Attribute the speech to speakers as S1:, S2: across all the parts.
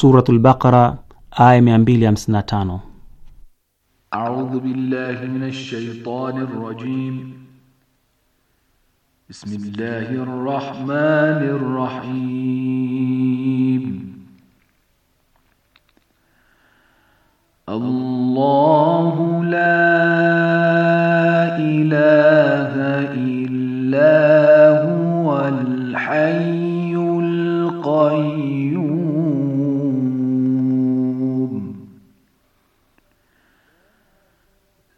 S1: Suratul Baqara aya 255.
S2: A'udhu
S3: billahi minash shaitani rajim. Bismillahir rahmanir rahim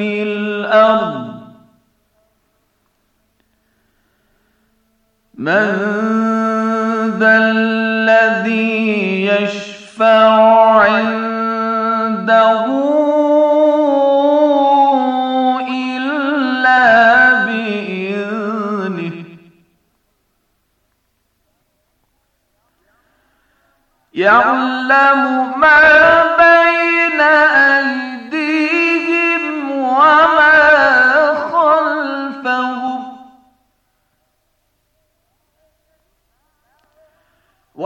S3: في الأرض من ذا الذي يشفع عنده إلا بإذنه يعلم ما بين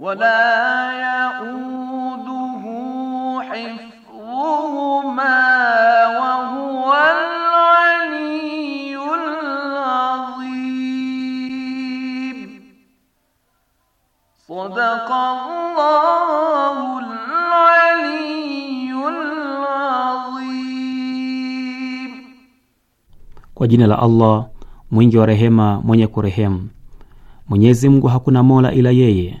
S3: wala yauduhu hifdhuhuma wa huwa al-aliyyul azim. Sadaqallahu al-aliyyul azim.
S2: Kwa
S1: jina la Allah mwingi wa rehema mwenye kurehemu. Mwenyezi Mungu hakuna mola ila yeye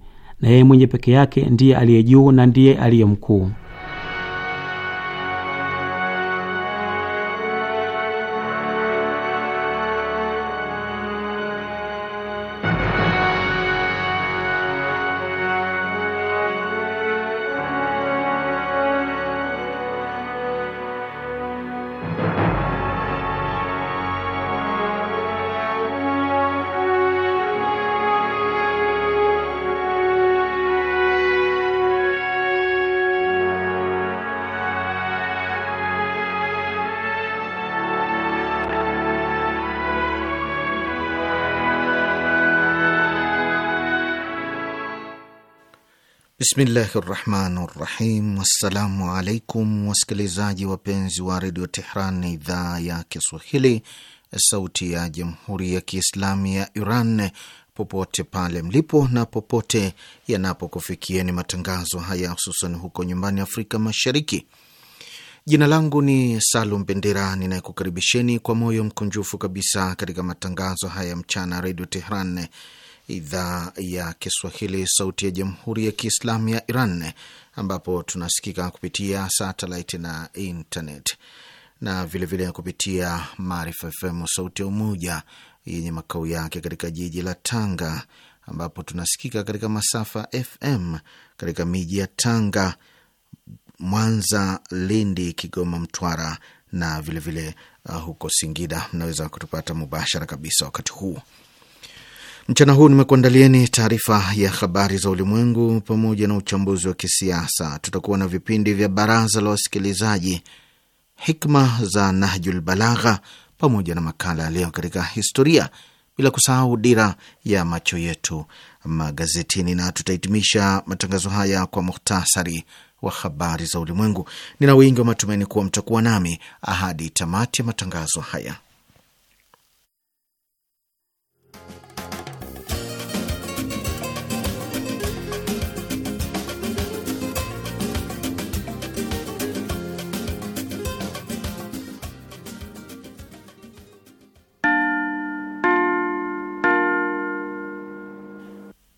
S1: na yeye mwenye peke yake ndiye aliye juu na ndiye aliye mkuu.
S4: Bismillahi rahmani rahim. Wassalamu alaikum wasikilizaji wapenzi wa redio Tehran, idhaa ya Kiswahili, sauti ya jamhuri ya Kiislamu ya Iran, popote pale mlipo na popote yanapokufikieni matangazo haya, hususan huko nyumbani Afrika Mashariki. Jina langu ni Salum Bendera, ninayekukaribisheni kwa moyo mkunjufu kabisa katika matangazo haya mchana, redio Tehran idhaa ya Kiswahili, sauti ya jamhuri ya kiislamu ya Iran, ambapo tunasikika kupitia satelit na internet na vilevile vile kupitia Maarifa FM, sauti ya umoja yenye makao yake katika jiji la Tanga, ambapo tunasikika katika masafa FM katika miji ya Tanga, Mwanza, Lindi, Kigoma, Mtwara na vilevile vile, uh, huko Singida. Mnaweza kutupata mubashara kabisa wakati huu Mchana huu nimekuandalieni taarifa ya habari za ulimwengu pamoja na uchambuzi wa kisiasa. Tutakuwa na vipindi vya baraza la wasikilizaji, hikma za Nahjul Balagha pamoja na makala ya leo katika historia, bila kusahau dira ya macho yetu magazetini, na tutahitimisha matangazo haya kwa muhtasari wa habari za ulimwengu. Nina wingi wa matumaini kuwa mtakuwa nami ahadi tamati ya matangazo haya.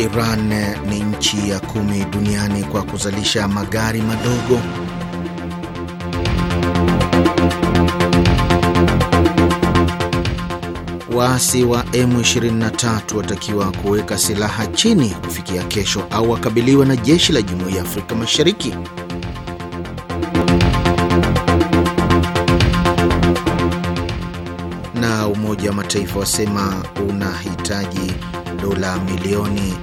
S4: Iran ni nchi ya kumi duniani kwa kuzalisha magari madogo. Waasi wa M23 watakiwa kuweka silaha chini kufikia kesho au wakabiliwe na jeshi la Jumuiya ya Afrika Mashariki. Na Umoja wa Mataifa wasema unahitaji dola milioni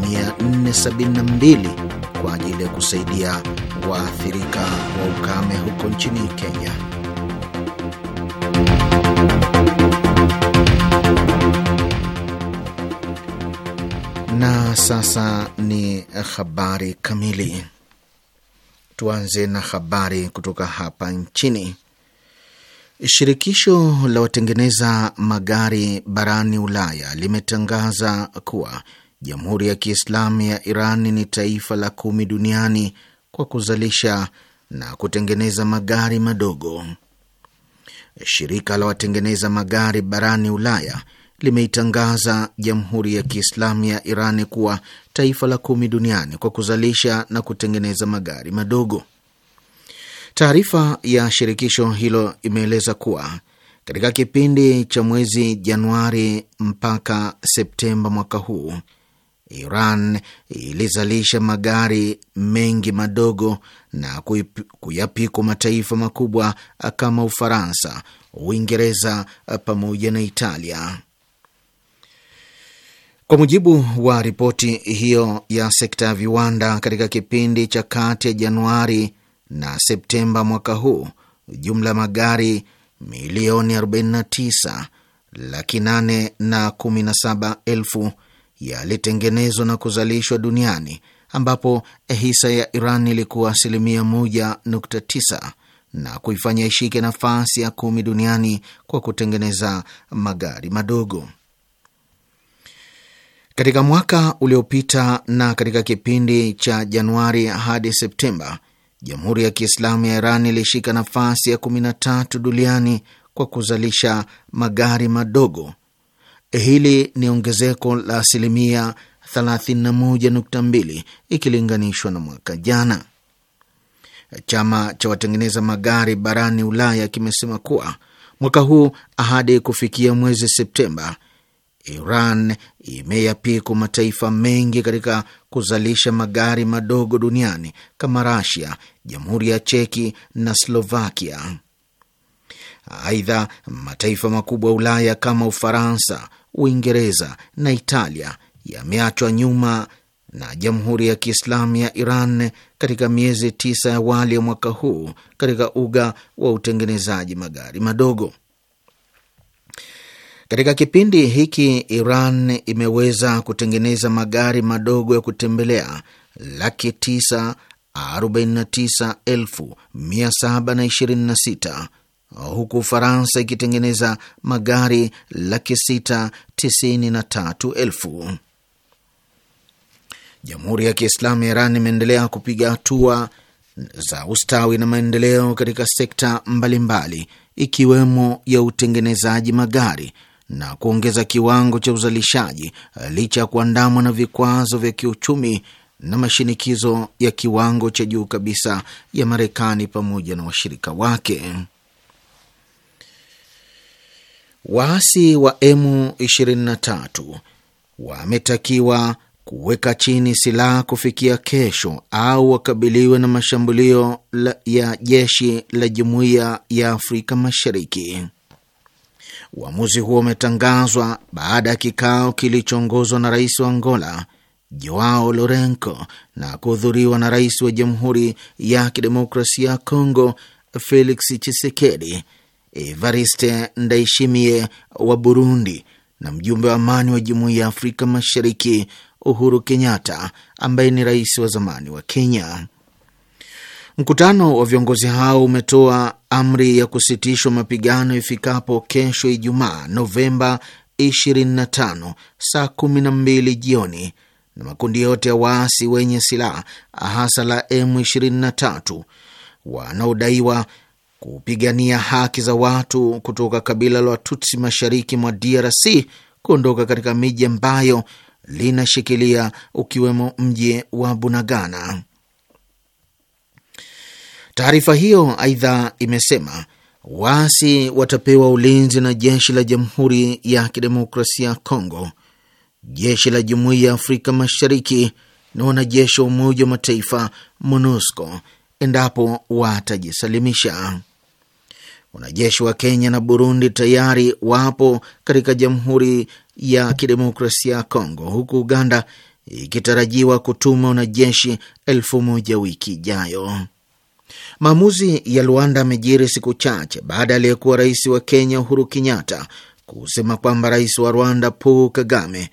S4: 472 kwa ajili ya kusaidia waathirika wa ukame huko nchini Kenya. Na sasa ni habari kamili. Tuanze na habari kutoka hapa nchini. Shirikisho la watengeneza magari barani Ulaya limetangaza kuwa Jamhuri ya Kiislamu ya Iran ni taifa la kumi duniani kwa kuzalisha na kutengeneza magari madogo. Shirika la watengeneza magari barani Ulaya limeitangaza Jamhuri ya Kiislamu ya Iran kuwa taifa la kumi duniani kwa kuzalisha na kutengeneza magari madogo. Taarifa ya shirikisho hilo imeeleza kuwa katika kipindi cha mwezi Januari mpaka Septemba mwaka huu Iran ilizalisha magari mengi madogo na kuyapikwa mataifa makubwa kama Ufaransa, Uingereza pamoja na Italia. Kwa mujibu wa ripoti hiyo ya sekta ya viwanda, katika kipindi cha kati ya Januari na Septemba mwaka huu, jumla ya magari milioni 49 laki 8 na 17 na elfu yalitengenezwa na kuzalishwa duniani ambapo hisa ya Iran ilikuwa asilimia 1.9 na kuifanya ishike nafasi ya kumi duniani kwa kutengeneza magari madogo. Katika mwaka uliopita na katika kipindi cha Januari hadi Septemba, Jamhuri ya Kiislamu ya Iran ilishika nafasi ya 13 duniani kwa kuzalisha magari madogo Eh, hili ni ongezeko la asilimia 31.2 ikilinganishwa na mwaka jana. Chama cha watengeneza magari barani Ulaya kimesema kuwa mwaka huu hadi kufikia mwezi Septemba, Iran imeyapiku mataifa mengi katika kuzalisha magari madogo duniani kama Rasia, Jamhuri ya Cheki na Slovakia. Aidha, mataifa makubwa ya Ulaya kama Ufaransa, Uingereza na Italia yameachwa nyuma na Jamhuri ya Kiislamu ya Iran katika miezi tisa ya awali ya mwaka huu katika uga wa utengenezaji magari madogo. Katika kipindi hiki Iran imeweza kutengeneza magari madogo ya kutembelea laki tisa arobaini na tisa elfu mia saba na ishirini na sita huku Ufaransa ikitengeneza magari laki sita tisini na tatu elfu. Jamhuri ya Kiislamu ya Iran imeendelea kupiga hatua za ustawi na maendeleo katika sekta mbalimbali ikiwemo ya utengenezaji magari na kuongeza kiwango cha uzalishaji licha ya kuandamwa na vikwazo vya kiuchumi na mashinikizo ya kiwango cha juu kabisa ya Marekani pamoja na washirika wake waasi wa M23 wametakiwa kuweka chini silaha kufikia kesho au wakabiliwe na mashambulio la, ya jeshi la Jumuiya ya Afrika Mashariki. Uamuzi huo umetangazwa baada ya kikao kilichoongozwa na rais wa Angola Joao lorenco na kuhudhuriwa na rais wa Jamhuri ya Kidemokrasia ya Kongo Felix Tshisekedi Evariste Ndaishimie wa Burundi na mjumbe wa amani wa Jumuiya ya Afrika Mashariki Uhuru Kenyatta ambaye ni rais wa zamani wa Kenya. Mkutano wa viongozi hao umetoa amri ya kusitishwa mapigano ifikapo kesho Ijumaa Novemba 25 saa 12 jioni na makundi yote ya waasi wenye silaha hasa la M23 wanaodaiwa kupigania haki za watu kutoka kabila la Watutsi mashariki mwa DRC kuondoka katika miji ambayo linashikilia ukiwemo mji wa Bunagana. Taarifa hiyo aidha imesema waasi watapewa ulinzi na jeshi la Jamhuri ya Kidemokrasia ya Kongo, jeshi la Jumuiya ya Afrika Mashariki na wanajeshi wa Umoja wa Mataifa MONUSCO endapo watajisalimisha. Wanajeshi wa Kenya na Burundi tayari wapo katika Jamhuri ya Kidemokrasia ya Kongo, huku Uganda ikitarajiwa kutuma wanajeshi elfu moja wiki ijayo. Maamuzi ya Luanda amejiri siku chache baada ya aliyekuwa rais wa Kenya Uhuru Kenyatta kusema kwamba rais wa Rwanda Paul Kagame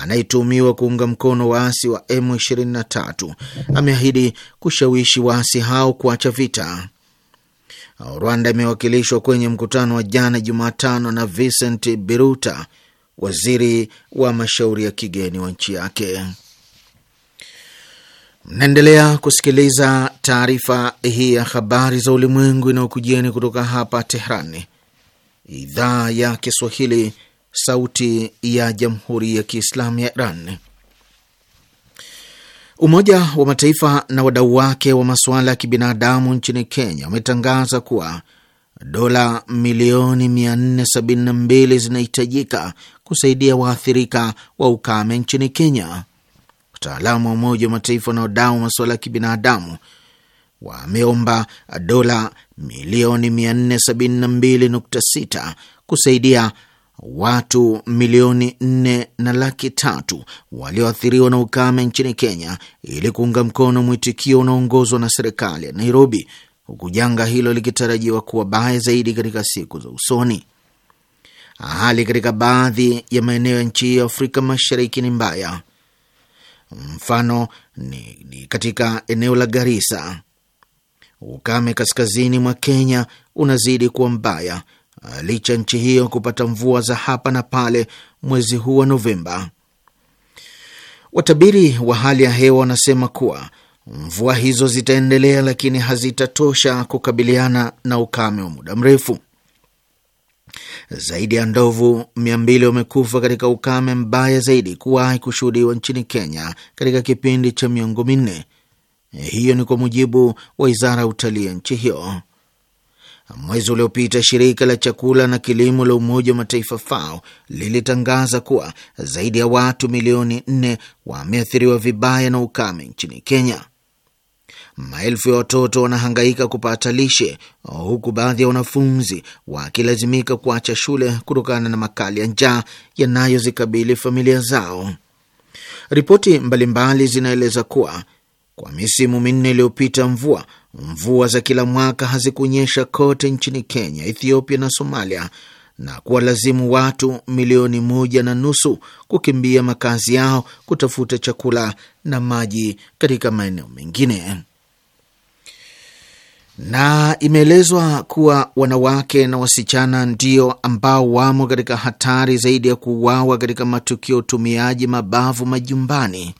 S4: anayetumiwa kuunga mkono waasi wa M23 ameahidi kushawishi waasi hao kuacha vita. Uh, Rwanda imewakilishwa kwenye mkutano wa jana Jumatano na Vincent Biruta, waziri wa mashauri ya kigeni wa nchi yake. Mnaendelea kusikiliza taarifa hii ya habari za ulimwengu inayokujieni kutoka hapa Tehrani, idhaa ya Kiswahili, sauti ya jamhuri ya kiislamu ya Iran. Umoja wa Mataifa na wadau wake wa masuala ya kibinadamu nchini Kenya wametangaza kuwa dola milioni 472 zinahitajika kusaidia waathirika wa ukame nchini Kenya. Wataalamu wa Umoja wa Mataifa na wadau wa masuala ya kibinadamu wameomba dola milioni 472.6 kusaidia watu milioni nne na laki tatu walioathiriwa na ukame nchini Kenya ili kuunga mkono mwitikio unaoongozwa na serikali ya Nairobi, huku janga hilo likitarajiwa kuwa baya zaidi katika siku za usoni. Hali katika baadhi ya maeneo ya nchi ya Afrika Mashariki ni mbaya. Mfano ni, ni katika eneo la Garissa. Ukame kaskazini mwa Kenya unazidi kuwa mbaya Ah, licha nchi hiyo kupata mvua za hapa na pale mwezi huu wa Novemba. Watabiri wa hali ya hewa wanasema kuwa mvua hizo zitaendelea, lakini hazitatosha kukabiliana na ukame wa muda mrefu. Zaidi ya ndovu mia mbili wamekufa katika ukame mbaya zaidi kuwahi kushuhudiwa nchini Kenya katika kipindi cha miongo minne. Eh, hiyo ni kwa mujibu wa wizara ya utalii ya nchi hiyo. Mwezi uliopita shirika la chakula na kilimo la Umoja wa Mataifa FAO lilitangaza kuwa zaidi ya watu milioni nne wameathiriwa vibaya na ukame nchini Kenya. Maelfu ya watoto wanahangaika kupata lishe, huku baadhi ya wanafunzi wakilazimika kuacha shule kutokana na makali ya njaa yanayozikabili familia zao. Ripoti mbalimbali zinaeleza kuwa kwa misimu minne iliyopita mvua Mvua za kila mwaka hazikunyesha kote nchini Kenya, Ethiopia na Somalia na kuwalazimu watu milioni moja na nusu kukimbia makazi yao kutafuta chakula na maji katika maeneo mengine. Na imeelezwa kuwa wanawake na wasichana ndio ambao wamo katika hatari zaidi ya kuuawa katika matukio utumiaji mabavu majumbani.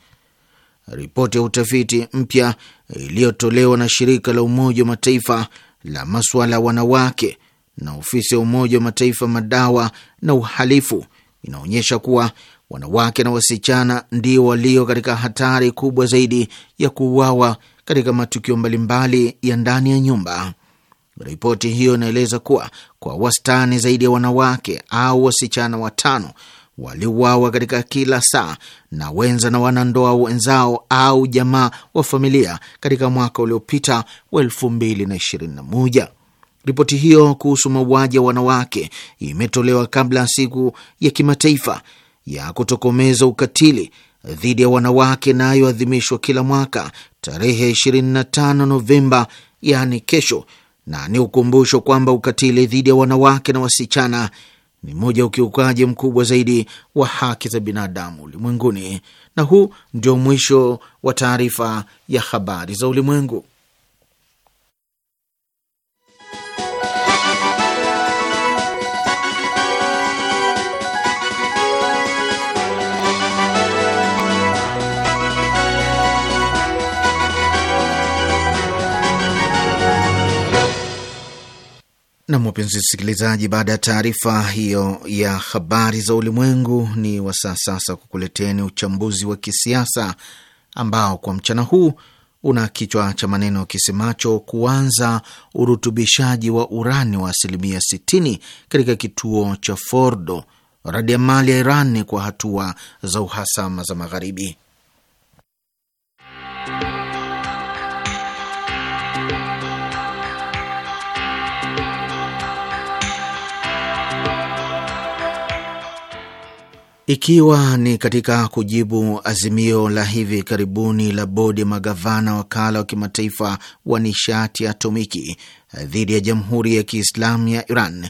S4: Ripoti ya utafiti mpya iliyotolewa na shirika la Umoja wa Mataifa la masuala ya wanawake na ofisi ya Umoja wa Mataifa madawa na uhalifu inaonyesha kuwa wanawake na wasichana ndio walio katika hatari kubwa zaidi ya kuuawa katika matukio mbalimbali ya ndani ya nyumba. Ripoti hiyo inaeleza kuwa kwa wastani zaidi ya wanawake au wasichana watano waliuawa katika kila saa na wenza na wanandoa wenzao au jamaa wa familia katika mwaka uliopita wa moja. Ripoti hiyo kuhusu mauaji ya wanawake imetolewa kabla ya siku ya kimataifa ya kutokomeza ukatili dhidi ya wanawake inayoadhimishwa kila mwaka tarehe 25 Novemba, yaani kesho, na ni ukumbusho kwamba ukatili dhidi ya wanawake na wasichana ni moja ukiukaji mkubwa zaidi wa haki za binadamu ulimwenguni. Na huu ndio mwisho wa taarifa ya habari za ulimwengu. Na wapenzi msikilizaji, baada ya taarifa hiyo ya habari za ulimwengu, ni wasaa sasa kukuleteni uchambuzi wa kisiasa ambao kwa mchana huu una kichwa cha maneno kisemacho kuanza urutubishaji wa urani wa asilimia 60 katika kituo cha Fordo, radiamali ya Iran kwa hatua za uhasama za Magharibi. ikiwa ni katika kujibu azimio la hivi karibuni la bodi ya magavana wakala wa kimataifa wa nishati atomiki dhidi ya jamhuri ya Kiislamu ya Iran.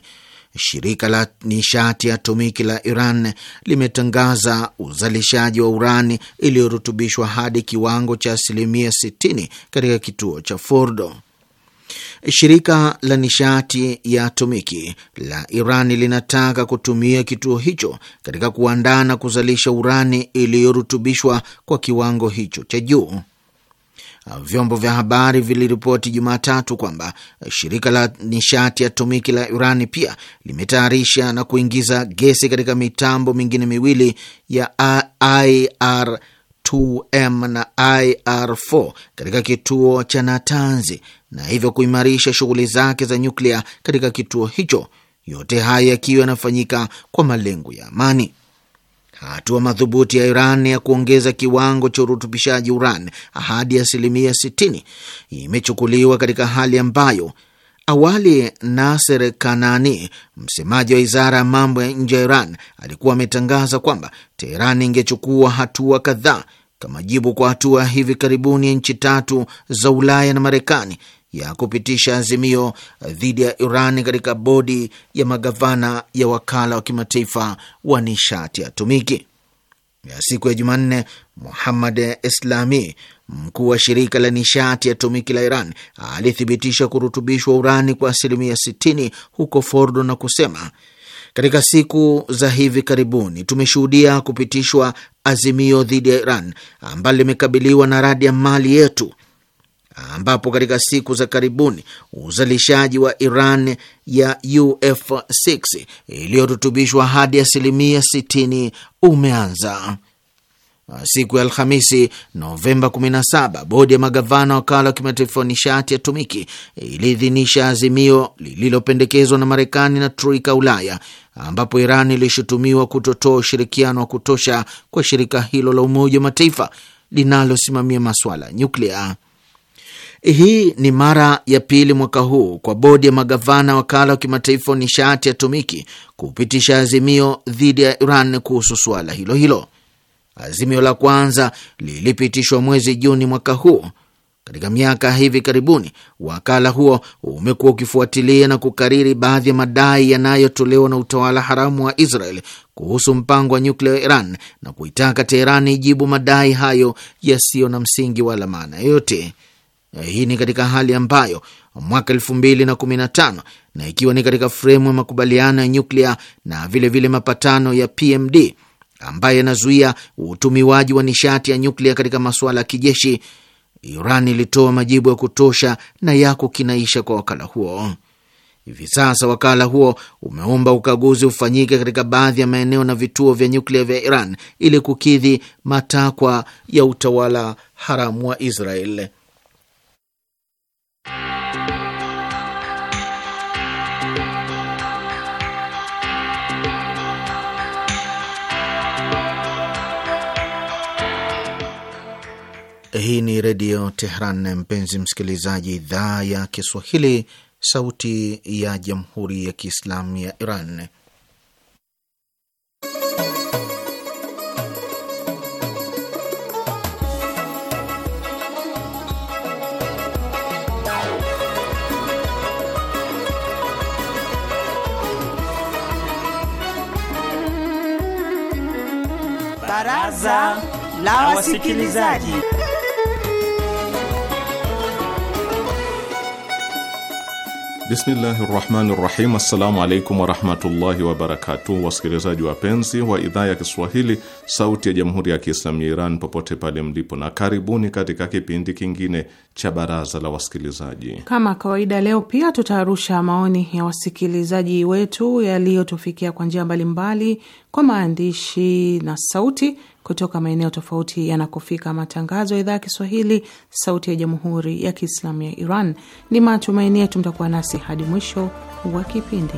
S4: Shirika la nishati atomiki la Iran limetangaza uzalishaji wa urani iliyorutubishwa hadi kiwango cha asilimia 60 katika kituo cha Fordo. Shirika la nishati ya atomiki la Iran linataka kutumia kituo hicho katika kuandaa na kuzalisha urani iliyorutubishwa kwa kiwango hicho cha juu. Vyombo vya habari viliripoti Jumatatu kwamba shirika la nishati ya atomiki la Iran pia limetayarisha na kuingiza gesi katika mitambo mingine miwili ya IR 2M na IR4 katika kituo cha Natanzi na hivyo kuimarisha shughuli zake za nyuklia katika kituo hicho, yote haya yakiwa yanafanyika kwa malengo ya amani. Hatua madhubuti ya Iran ya kuongeza kiwango cha urutubishaji uran hadi asilimia 60 imechukuliwa katika hali ambayo awali Naser Kanani, msemaji wa wizara ya mambo ya nje ya Iran, alikuwa ametangaza kwamba Teheran ingechukua hatua kadhaa kama jibu kwa hatua hivi karibuni ya nchi tatu za Ulaya na Marekani ya kupitisha azimio dhidi ya Iran katika bodi ya magavana ya wakala wa kimataifa wa nishati atomiki. Ya siku ya Jumanne, Muhammad Islami, mkuu wa shirika la nishati atomiki la Iran, alithibitisha kurutubishwa urani kwa asilimia 60 huko Fordo na kusema katika siku za hivi karibuni tumeshuhudia kupitishwa azimio dhidi ya Iran ambalo limekabiliwa na radi ya mali yetu, ambapo katika siku za karibuni uzalishaji wa Iran ya UF6 iliyorutubishwa hadi asilimia 60 umeanza. Ah, siku ya Alhamisi, Novemba 17, bodi ya magavana wakala wa kimataifa wa nishati ya tumiki iliidhinisha azimio lililopendekezwa na Marekani na troika Ulaya, ambapo Iran ilishutumiwa kutotoa ushirikiano wa kutosha kwa shirika hilo la Umoja wa Mataifa linalosimamia masuala ya nyuklia. Hii ni mara ya pili mwaka huu kwa bodi ya magavana wakala wa kimataifa wa nishati ya tumiki kupitisha azimio dhidi ya Iran kuhusu suala hilo hilo. Azimio la kwanza lilipitishwa mwezi Juni mwaka huu. Katika miaka hivi karibuni, wakala huo umekuwa ukifuatilia na kukariri baadhi ya madai yanayotolewa na utawala haramu wa Israel kuhusu mpango wa nyuklia wa Iran na kuitaka Teheran ijibu madai hayo yasiyo na msingi wala maana yoyote. Hii ni katika hali ambayo mwaka elfu mbili na kumi na tano na ikiwa ni katika fremu ya makubaliano ya nyuklia na vilevile vile mapatano ya PMD ambaye anazuia utumiwaji wa nishati ya nyuklia katika masuala ya kijeshi, Iran ilitoa majibu ya kutosha na yako kinaisha kwa wakala huo. Hivi sasa wakala huo umeomba ukaguzi ufanyike katika baadhi ya maeneo na vituo vya nyuklia vya Iran ili kukidhi matakwa ya utawala haramu wa Israel. Hii ni Redio Tehran, mpenzi msikilizaji, idhaa ya Kiswahili, sauti ya Jamhuri ya Kiislamu ya Iran.
S1: Baraza la Wasikilizaji.
S2: Bismillahi rahmani rahim. Assalamu alaikum warahmatullahi wabarakatuh, wasikilizaji wapenzi wa idhaa ya Kiswahili sauti ya jamhuri ya Kiislamu ya Iran popote pale mlipo, na karibuni katika kipindi kingine cha baraza la wasikilizaji.
S5: Kama kawaida, leo pia tutaarusha maoni ya wasikilizaji wetu yaliyotufikia kwa njia mbalimbali, kwa maandishi na sauti kutoka maeneo tofauti yanakofika matangazo ya idhaa ya Kiswahili, sauti ya jamhuri ya Kiislamu ya Iran. Ni matumaini yetu mtakuwa nasi hadi mwisho wa kipindi.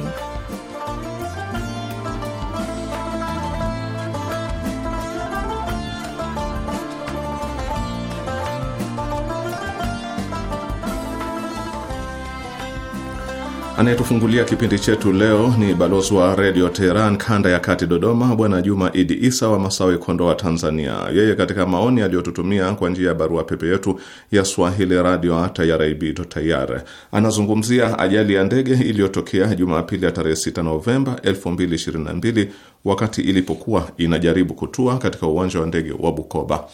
S2: Anayetufungulia kipindi chetu leo ni balozi wa redio Teheran kanda ya kati Dodoma, bwana Juma Idi Isa wa Masawi, Kondoa, Tanzania. Yeye katika maoni aliyotutumia kwa njia ya barua pepe yetu ya swahili radio tayarib tayare anazungumzia ajali ya ndege iliyotokea Jumapili ya tarehe 6 Novemba 2022 wakati ilipokuwa inajaribu kutua katika uwanja wa ndege wa Bukoba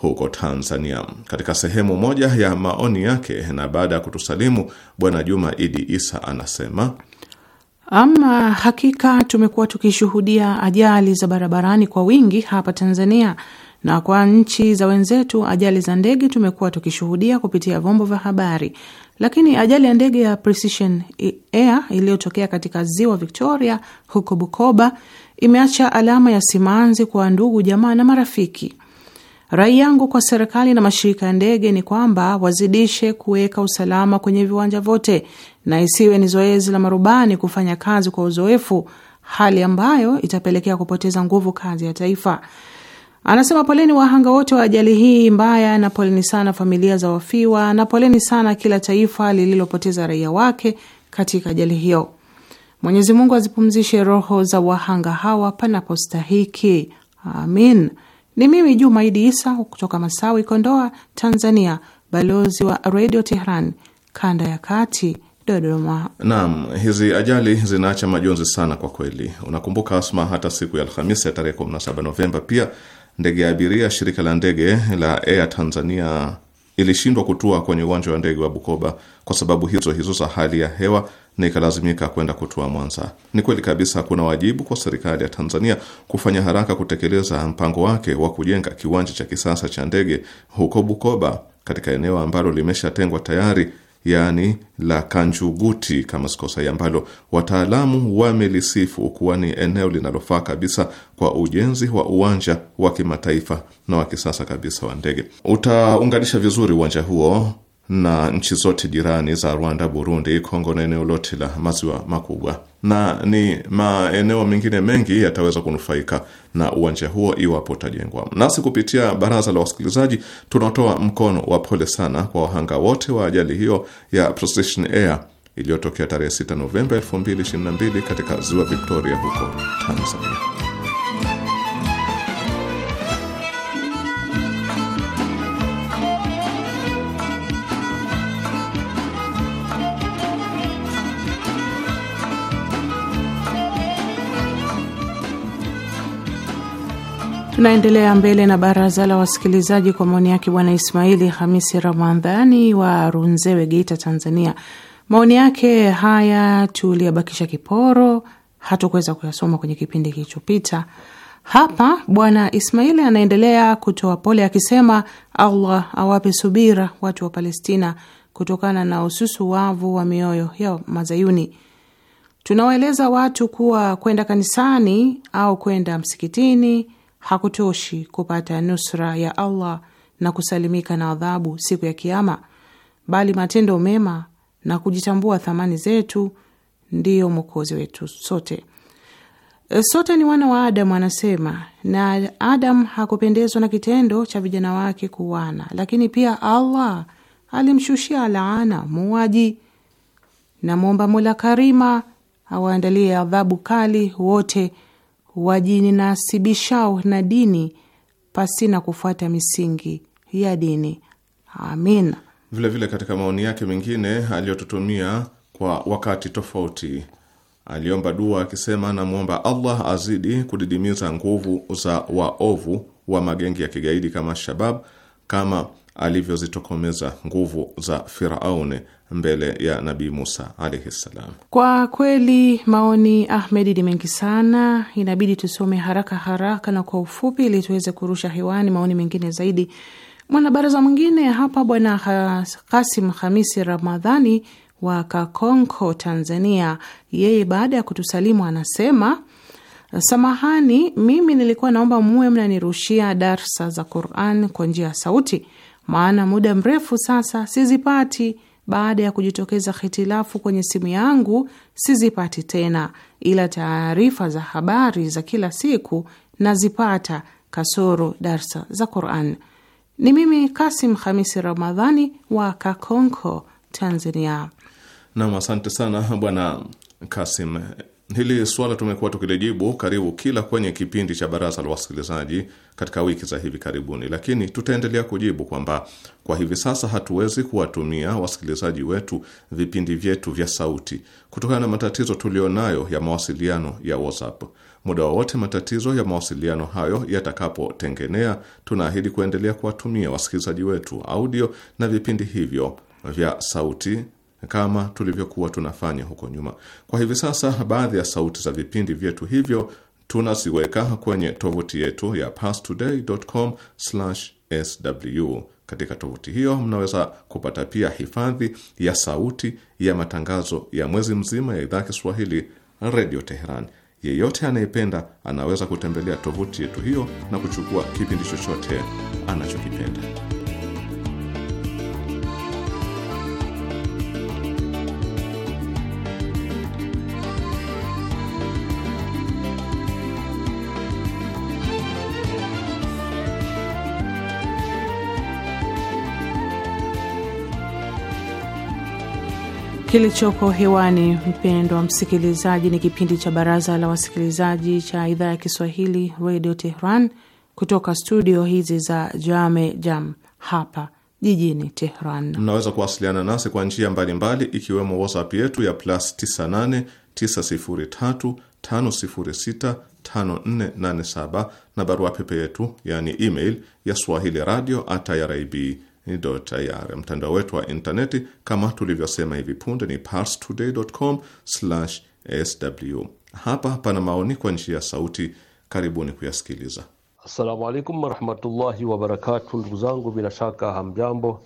S2: huko Tanzania. Katika sehemu moja ya maoni yake na baada ya kutusalimu, Bwana Juma Idi Isa anasema
S5: ama hakika tumekuwa tukishuhudia ajali za barabarani kwa wingi hapa Tanzania na kwa nchi za wenzetu. Ajali za ndege tumekuwa tukishuhudia kupitia vyombo vya habari, lakini ajali ya ndege ya Precision Air iliyotokea katika ziwa Victoria huko Bukoba imeacha alama ya simanzi kwa ndugu, jamaa na marafiki. Rai yangu kwa serikali na mashirika ya ndege ni kwamba wazidishe kuweka usalama kwenye viwanja vyote na isiwe ni zoezi la marubani kufanya kazi kwa uzoefu, hali ambayo itapelekea kupoteza nguvu kazi ya taifa. Anasema poleni wahanga wote wa ajali hii mbaya, na poleni sana familia za wafiwa, na poleni sana kila taifa lililopoteza raia wake katika ajali hiyo. Mwenyezi Mungu azipumzishe roho za wahanga hawa panapostahiki, amin. Ni mimi Juma Idi Isa kutoka Masawi, Kondoa, Tanzania, balozi wa Redio Tehran kanda ya kati, Dodoma.
S2: Naam, hizi ajali zinaacha majonzi sana kwa kweli. Unakumbuka Asma, hata siku ya Alhamisi ya tarehe 17 Novemba pia ndege ya abiria shirika la ndege la Air Tanzania ilishindwa kutua kwenye uwanja wa ndege wa Bukoba kwa sababu hizo hizo za hali ya hewa na ikalazimika kwenda kutua Mwanza. Ni kweli kabisa kuna wajibu kwa serikali ya Tanzania kufanya haraka kutekeleza mpango wake wa kujenga kiwanja cha kisasa cha ndege huko Bukoba, katika eneo ambalo limeshatengwa tayari, yaani la Kanjuguti kama sikosai, ambalo wataalamu wamelisifu kuwa ni eneo linalofaa kabisa kwa ujenzi wa uwanja wa kimataifa na wa kisasa kabisa wa ndege. Utaunganisha vizuri uwanja huo na nchi zote jirani za Rwanda, Burundi, Kongo na eneo lote la maziwa makubwa, na ni maeneo mengine mengi yataweza kunufaika na uwanja huo iwapo utajengwa. Nasi kupitia baraza la wasikilizaji tunatoa mkono wa pole sana kwa wahanga wote wa ajali hiyo ya Precision Air iliyotokea tarehe 6 Novemba 2022 katika ziwa Victoria huko Tanzania.
S5: Tunaendelea mbele na baraza la wasikilizaji kwa maoni yake Bwana Ismaili Hamisi Ramadhani wa Runzewe, Geita, Tanzania. Maoni yake haya tuliyabakisha kiporo, hatukuweza kuyasoma kwenye kipindi kilichopita. Hapa Bwana Ismaili anaendelea kutoa pole akisema, Allah awape subira watu wa Palestina kutokana na ususu wavu wa mioyo ya Mazayuni. Tunawaeleza watu kuwa kwenda kanisani au kwenda msikitini hakutoshi kupata nusra ya Allah na kusalimika na adhabu siku ya Kiama, bali matendo mema na kujitambua thamani zetu ndiyo mwokozi wetu sote. E, sote ni wana wa Adamu, anasema na Adamu hakupendezwa na kitendo cha vijana wake kuwana, lakini pia Allah alimshushia laana muwaji. Namwomba Mola Karima awaandalie adhabu kali wote wajinasibishao na dini pasina kufuata misingi ya dini.
S2: Amin. Vilevile katika maoni yake mengine aliyotutumia kwa wakati tofauti aliomba dua akisema, namwomba Allah azidi kudidimiza nguvu za waovu wa magengi ya kigaidi kama Shabab, kama alivyozitokomeza nguvu za Firauni mbele ya Nabii Musa alaihi ssalam.
S5: Kwa kweli maoni Ahmedi ni mengi sana, inabidi tusome haraka haraka na kwa ufupi ili tuweze kurusha hewani maoni mengine zaidi. Mwanabaraza mwingine hapa Bwana Kasim Hamisi Ramadhani wa Kakonko, Tanzania, yeye baada ya kutusalimu anasema samahani, mimi nilikuwa naomba muwe mnanirushia darsa za Quran kwa njia ya sauti maana muda mrefu sasa sizipati. Baada ya kujitokeza hitilafu kwenye simu yangu sizipati tena, ila taarifa za habari za kila siku nazipata, kasoro darsa za Quran. Ni mimi Kasim Hamisi Ramadhani wa Kakonko, Tanzania.
S2: Nam, asante sana Bwana Kasim Hili swala tumekuwa tukilijibu karibu kila kwenye kipindi cha baraza la wasikilizaji katika wiki za hivi karibuni, lakini tutaendelea kujibu kwamba kwa hivi sasa hatuwezi kuwatumia wasikilizaji wetu vipindi vyetu vya sauti kutokana na matatizo tuliyonayo ya mawasiliano ya WhatsApp. Muda wowote matatizo ya mawasiliano hayo yatakapotengenea, tunaahidi kuendelea kuwatumia wasikilizaji wetu audio na vipindi hivyo vya sauti kama tulivyokuwa tunafanya huko nyuma. Kwa hivi sasa, baadhi ya sauti za vipindi vyetu hivyo tunaziweka kwenye tovuti yetu ya pastoday.com/sw. Katika tovuti hiyo mnaweza kupata pia hifadhi ya sauti ya matangazo ya mwezi mzima ya idhaa Kiswahili Radio Teheran. Yeyote anayependa anaweza kutembelea tovuti yetu hiyo na kuchukua kipindi chochote anachokipenda.
S5: Kilichoko hewani, mpendwa msikilizaji, ni kipindi cha Baraza la Wasikilizaji cha Idhaa ya Kiswahili Radio Tehran kutoka studio hizi za Jame Jam hapa jijini Tehran.
S2: Mnaweza kuwasiliana nasi kwa njia mbalimbali, ikiwemo WhatsApp yetu ya plus 98 5487 na barua pepe yetu, yaani email ya swahili radio at irib ir. Mtandao wetu wa intaneti kama tulivyosema hivi punde ni parstoday.com/sw. Hapa pana maoni kwa njia ya sauti, karibuni kuyasikiliza.
S6: Assalamu alaikum warahmatullahi wabarakatu, ndugu zangu, bila shaka hamjambo,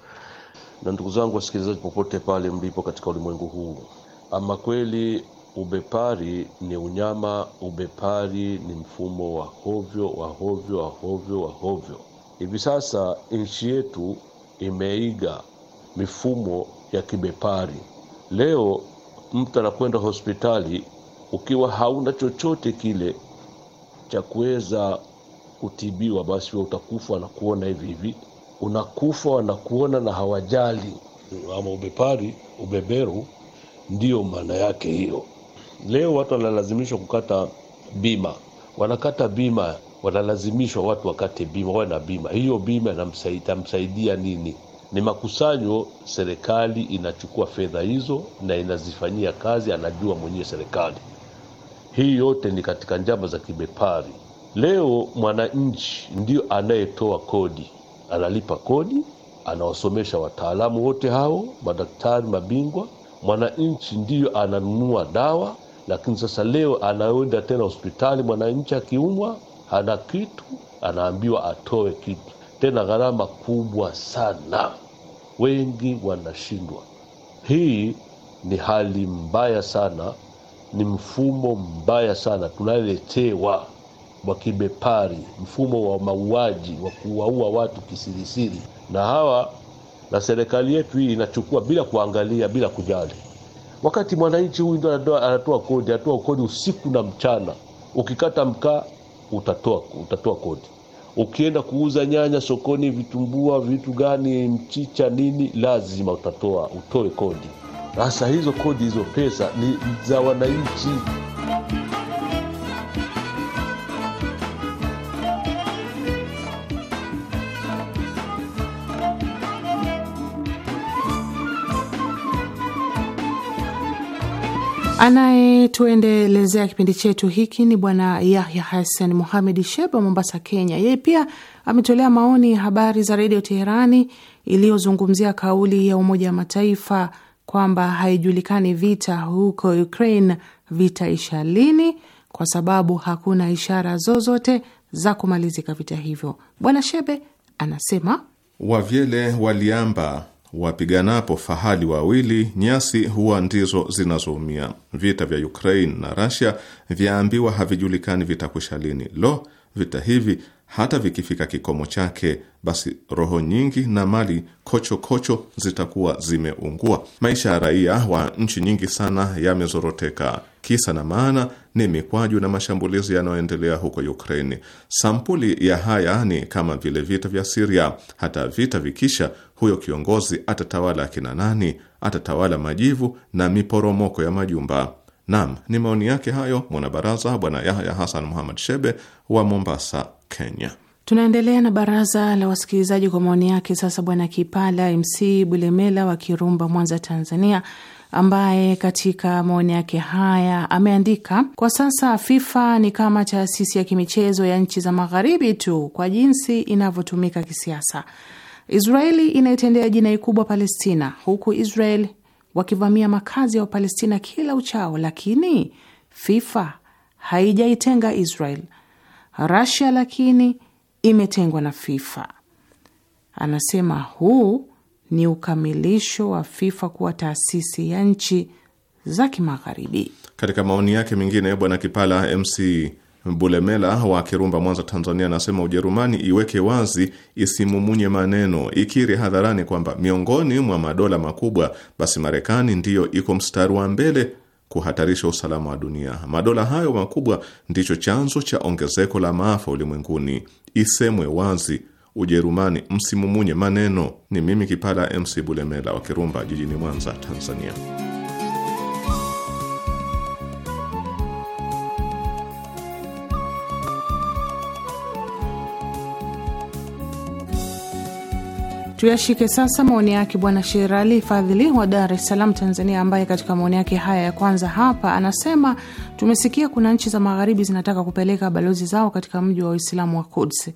S6: na ndugu zangu wasikilizaji popote pale mlipo katika ulimwengu huu. Ama kweli ubepari ni unyama, ubepari ni mfumo wa hovyo wa hovyo wa hovyo wa hovyo. Hivi sasa nchi yetu imeiga mifumo ya kibepari. Leo mtu anakwenda hospitali ukiwa hauna chochote kile cha kuweza kutibiwa, basi wewe utakufa na kuona hivi hivi, unakufa wanakuona na hawajali. Ama ubepari, ubeberu, ndiyo maana yake hiyo. Leo watu wanalazimishwa kukata bima, wanakata bima wanalazimishwa watu wakate bima, wawe na bima. Hiyo bima itamsaidia nini? Ni makusanyo, serikali inachukua fedha hizo na inazifanyia kazi, anajua mwenyewe serikali. Hii yote ni katika njama za kibepari. Leo mwananchi ndio anayetoa kodi, analipa kodi, anawasomesha wataalamu wote hao, madaktari mabingwa. Mwananchi ndiyo ananunua dawa, lakini sasa leo anaenda tena hospitali mwananchi akiumwa hana kitu, anaambiwa atoe kitu, tena gharama kubwa sana. Wengi wanashindwa. Hii ni hali mbaya sana, ni mfumo mbaya sana tunaletewa wa kibepari, mfumo wa mauaji, wa kuwaua watu kisirisiri, na hawa na serikali yetu hii inachukua bila kuangalia, bila kujali. Wakati mwananchi huyu ndo anatoa kodi, anatoa kodi usiku na mchana, ukikata mkaa utatoa, utatoa kodi. Ukienda kuuza nyanya sokoni, vitumbua, vitu gani, mchicha, nini, lazima utatoa, utoe kodi. Sasa hizo kodi, hizo pesa ni za wananchi.
S5: Anayetuendelezea kipindi chetu hiki ni Bwana Yahya Hassan Muhamed Sheba, Mombasa, Kenya. Yeye pia ametolea maoni habari za Redio Teherani iliyozungumzia kauli ya Umoja wa Mataifa kwamba haijulikani vita huko Ukraine vitaisha lini, kwa sababu hakuna ishara zozote za kumalizika vita hivyo. Bwana Shebe anasema
S2: wavyele waliamba wapiganapo fahali wawili, nyasi huwa ndizo zinazoumia. Vita vya Ukraine na Russia vyaambiwa havijulikani vitakwisha lini. Lo, vita hivi hata vikifika kikomo chake, basi roho nyingi na mali kocho kocho zitakuwa zimeungua. Maisha ya raia wa nchi nyingi sana yamezoroteka. Kisa na maana ni mikwaju na mashambulizi yanayoendelea huko Ukraini. Sampuli ya haya ni kama vile vita vya Siria. Hata vita vikisha, huyo kiongozi atatawala akina nani? Atatawala majivu na miporomoko ya majumba. Nam, ni maoni yake hayo mwanabaraza Bwana Yahya Hasan Muhammad Shebe wa Mombasa Kenya.
S5: Tunaendelea na baraza la wasikilizaji kwa maoni yake. Sasa Bwana Kipala MC Bulemela wa Kirumba, Mwanza, Tanzania, ambaye katika maoni yake haya ameandika: kwa sasa FIFA ni kama taasisi ya kimichezo ya nchi za magharibi tu kwa jinsi inavyotumika kisiasa. Israeli inaitendea jinai kubwa Palestina, huku Israel wakivamia makazi ya Wapalestina kila uchao, lakini FIFA haijaitenga Israel. Rasia lakini imetengwa na FIFA. Anasema huu ni ukamilisho wa FIFA kuwa taasisi ya nchi za kimagharibi.
S2: Katika maoni yake mengine, bwana Kipala MC Bulemela wa Kirumba, Mwanza, Tanzania, anasema Ujerumani iweke wazi, isimumunye maneno, ikiri hadharani kwamba miongoni mwa madola makubwa, basi Marekani ndiyo iko mstari wa mbele kuhatarisha usalama wa dunia. Madola hayo makubwa ndicho chanzo cha ongezeko la maafa ulimwenguni. Isemwe wazi, Ujerumani msimumunye maneno. Ni mimi Kipala MC Bulemela wa Kirumba jijini Mwanza, Tanzania.
S5: Tuyashike sasa maoni yake Bwana Sherali Fadhili wa Dar es Salaam, Tanzania, ambaye katika maoni yake haya ya kwanza hapa anasema tumesikia kuna nchi za magharibi zinataka kupeleka balozi zao katika mji wa Waislamu wa Kuds.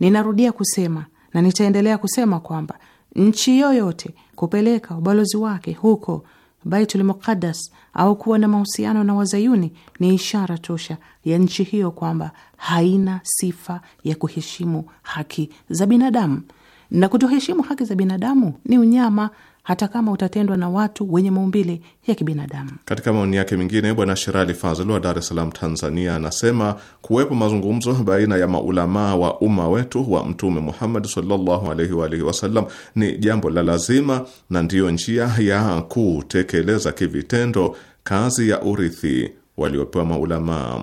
S5: Ninarudia kusema na nitaendelea kusema kwamba nchi yoyote kupeleka ubalozi wake huko Baitul Muqaddas au kuwa na mahusiano na wazayuni ni ishara tosha ya nchi hiyo kwamba haina sifa ya kuheshimu haki za binadamu na kutoheshimu haki za binadamu ni unyama hata kama utatendwa na watu wenye maumbile ya kibinadamu.
S2: Katika maoni yake mengine, Bwana Sherali Fazl wa Dar es Salaam, Tanzania, anasema kuwepo mazungumzo baina ya maulamaa wa umma wetu wa Mtume Muhammad sallallahu alaihi wa alihi wasallam ni jambo la lazima na ndiyo njia ya kutekeleza kivitendo kazi ya urithi waliopewa maulamaa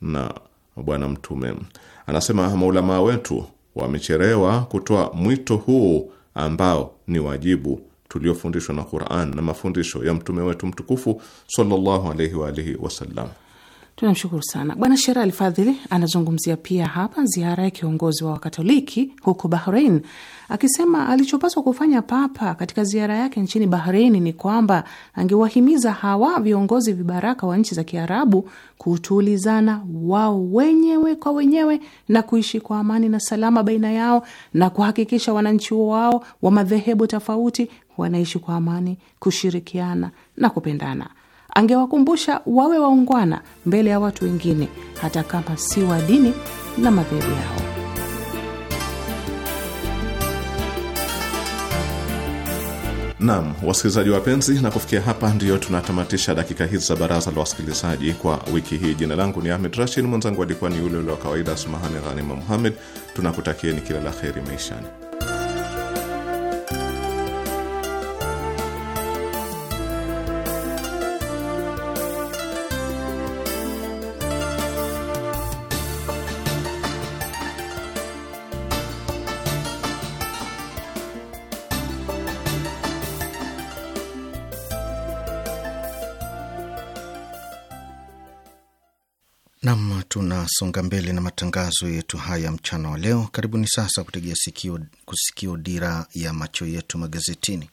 S2: na Bwana Mtume. Anasema maulamaa wetu wamechelewa kutoa mwito huu ambao ni wajibu tuliofundishwa na Qur'an na mafundisho ya mtume wetu mtukufu sallallahu alaihi wa alihi wasallam.
S5: Tunamshukuru sana Bwana Shera Alfadhili. Anazungumzia pia hapa ziara ya kiongozi wa Wakatoliki huko Bahrein, akisema alichopaswa kufanya Papa katika ziara yake nchini Bahrein ni kwamba angewahimiza hawa viongozi vibaraka wa nchi za Kiarabu kutulizana wao wenyewe kwa wenyewe na kuishi kwa amani na salama baina yao na kuhakikisha wananchi wao wa madhehebu tofauti wanaishi kwa amani, kushirikiana na kupendana angewakumbusha wawe waungwana mbele ya watu wengine, hata kama si wa dini na madhehebu yao.
S2: Nam, wasikilizaji wapenzi, na kufikia hapa ndiyo tunatamatisha dakika hizi za baraza la wasikilizaji kwa wiki hii. Jina langu ni Ahmed Rashid, mwenzangu alikuwa ni yule ule wa kawaida Sumahani Ghanima Muhammed. Tunakutakieni kila la kheri maishani.
S4: tunasonga mbele na matangazo yetu haya mchana wa leo. Karibuni sasa kutegea sikio kusikio dira ya macho yetu magazetini.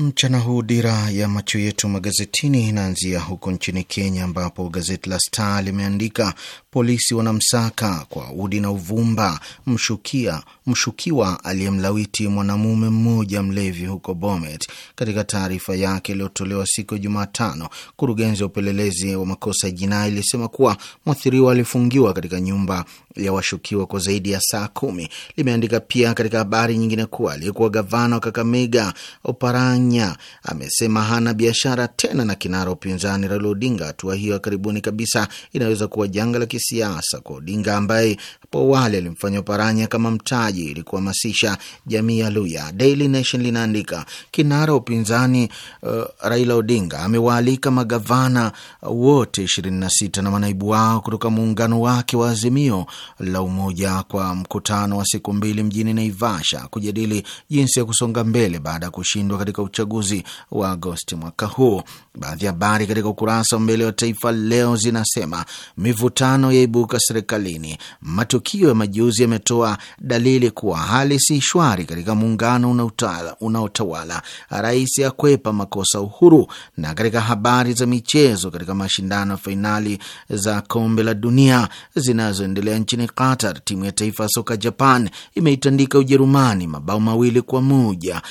S4: Mchana huu dira ya macho yetu magazetini inaanzia huko nchini Kenya, ambapo gazeti la Star limeandika polisi wanamsaka kwa udi na uvumba mshukia mshukiwa aliyemlawiti mwanamume mmoja mlevi huko Bomet. Katika taarifa yake iliyotolewa siku ya Jumatano, kurugenzi ya upelelezi wa makosa ya jinai ilisema kuwa mwathiriwa alifungiwa katika nyumba ya washukiwa kwa zaidi ya saa kumi. Limeandika pia katika habari nyingine kuwa aliyekuwa gavana wa Kakamega Oparanya amesema hana biashara tena na kinara upinzani Raila Odinga. Hatua hiyo ya karibuni kabisa inaweza kuwa janga la kisiasa kwa Odinga ambaye hapo awali alimfanya uparanya kama mtaji ili kuhamasisha jamii ya Luya. Daily Nation linaandika kinara upinzani uh, Raila Odinga amewaalika magavana wote 26 na manaibu wao kutoka muungano wake wa Azimio la Umoja kwa mkutano wa siku mbili mjini Naivasha kujadili jinsi ya kusonga mbele baada ya kushindwa katika uchaguzi wa Agosti mwaka huu. Baadhi ya habari katika ukurasa wa mbele wa Taifa Leo zinasema mivutano yaibuka serikalini, matukio ya majuzi yametoa dalili kuwa hali si shwari katika muungano unaotawala, rais akwepa makosa Uhuru. Na katika habari za michezo, katika mashindano ya fainali za kombe la dunia zinazoendelea nchini Qatar, timu ya taifa ya soka Japan imeitandika Ujerumani mabao mawili kwa moja.